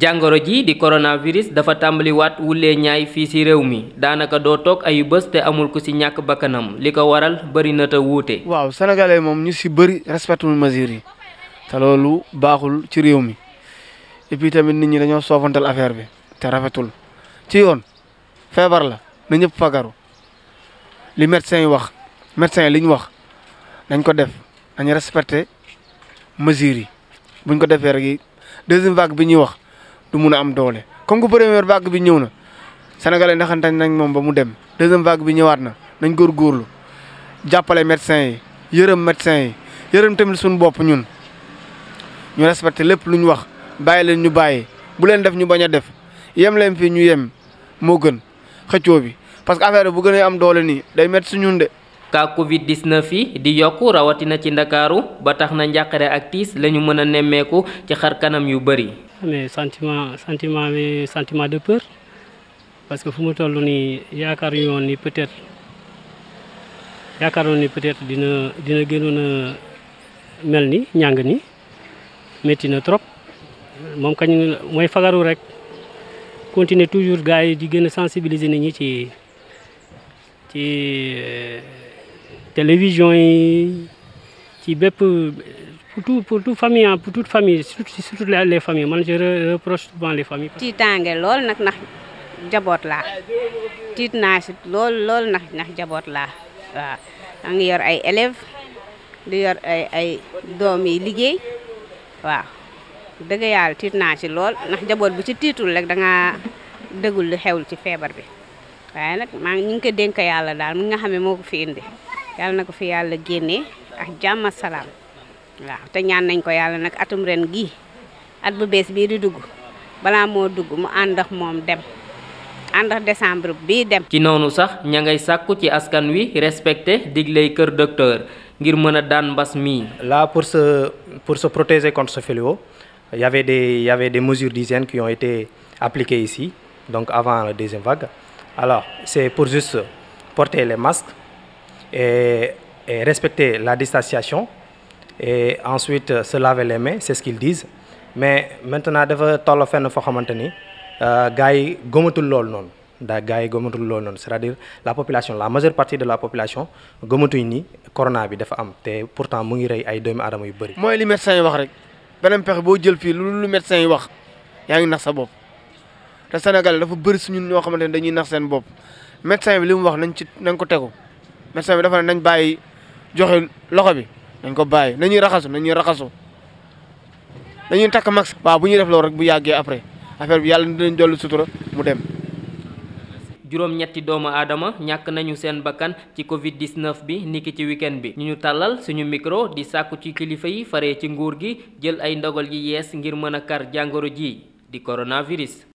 jàngoro ji di coronavirus dafa tàmbaliwaat wulee ñaay fii ci réew mi daanaka doo toog ayu bés te amul ku ci ñàkk bakkanam li ko waral bëri na te wuute. waaw sénégalais moom ñu si bëri respecté wul mesures yi te loolu baaxul ci réew mi et puis tamit nit ñi dañoo soofantal affaire bi te rafetul ci yoon feebar la na ñëpp fagaru li médecin yi wax médecin li ñu wax dañ ko def dañ respecté mesures yi buñ ko defee rek deuxième vague bi ñuy wax. du mun a am doole comme que première vague bi ñëw na sénégalais ndaxante nañ moom ba mu dem deuxième vague bi ñëwaat na nañ góorgóorlu jàppale médecin yi yërëm médecin yi yërëm tamit suñu bopp ñun ñu respecté lépp lu ñu wax bàyyi leen ñu bàyyi bu leen def ñu bañ a def yem leen fii ñu yem moo gën xëccoo bi parce bu gën am doole nii day métti ñun de. ka covid 19 yi di yokku rawatina ci ndakaaru ba tax na njàqare ak tiis la mën a nemmeeku ci xar kanam yu bëri mais sentiment sentiment mais de peur parce que fu mu toll nii yaakaar yoon ni peut-être yaakaaroon ni peut-être dina dina gënoon a mel ni ñàng ni métti na trop moom kañ mooy fagaru rek continuer toujours gars yi di gën a sensibiliser nit ñi ci ci télévision yi ci bépp pour tout pour toute famille pour toute famille surtout surtout les familles man je reproche souvent lool nag ndax jaboot la tiit naa si lool lool ndax ndax jaboot laa waaw maa ngi yor ay élève di yor ay ay doom yi liggéey waaw dëgg yàlla tiit naa si lool ndax jaboot bu ci tiitul rek da ngaa dëggul li xewul ci feebar bi waaye nag maa ngi ñu ngi ko dénk yàlla daal mi nga xam ne moo ko fi indi. yàlla na ko fi yàlla génnee ak jàmm salaam waa te ñaan nañ ko yàlla nag atum ren gii at bu bees bii di dugg balaa moo dugg mu ànd ak moom dem ànd ak décembre bii dem. ci noonu sax ña ngay sàkku ci askan wi respecté digley kër docteur ngir mën a daan mbas mii. là pour sa pour se protéger contre ce fléau il de avait de il di avait des mesures d'hygiène qui été appliquées ici donc avant la deuxième vague alors c'est pour juste porter les masques. et, et respecter la distanciation et ensuite euh, se laver les mains c'est ce qu'ils disent mais maintenant dafa toll fenn foo xamante ni euh, gars yi gëmatul loolu noonu daa gars yi gëmatul loolu noonu c'est-à-dire la population la majeure partie de la population gëmatuñ ni corona bi dafa am te pourtant mu ngi rey ay doomi aadama yu bëri. mooy li médecin yi wax rek beneen pexe boo jël fii lu lu médecin yi wax yaa ngi nax sa bopp te Sénégal dafa bëri ñun ñoo xamante ne dañuy nax seen bopp médecin bi li wax nañ ci nañ ko tegu. médecin bi dafa ne nañ bàyyi joxe loxo bi nañ ko bàyyi nañuy raxasu nañuy raxasu dañuy takk max waaw bu ñu def loolu rek bu yàggee après affaire bi yàlla dinañ dolli sutura mu dem. juróom-ñetti doomu aadama ñàkk nañu seen bakkan ci Covid 19 bi nikk ci weekend bi ñu ñu tàllal suñu micro di sàkku ci kilifa yi fare ci nguur gi jël ay ndogal yi yees ngir mën a kar jàngoro ji di coronavirus.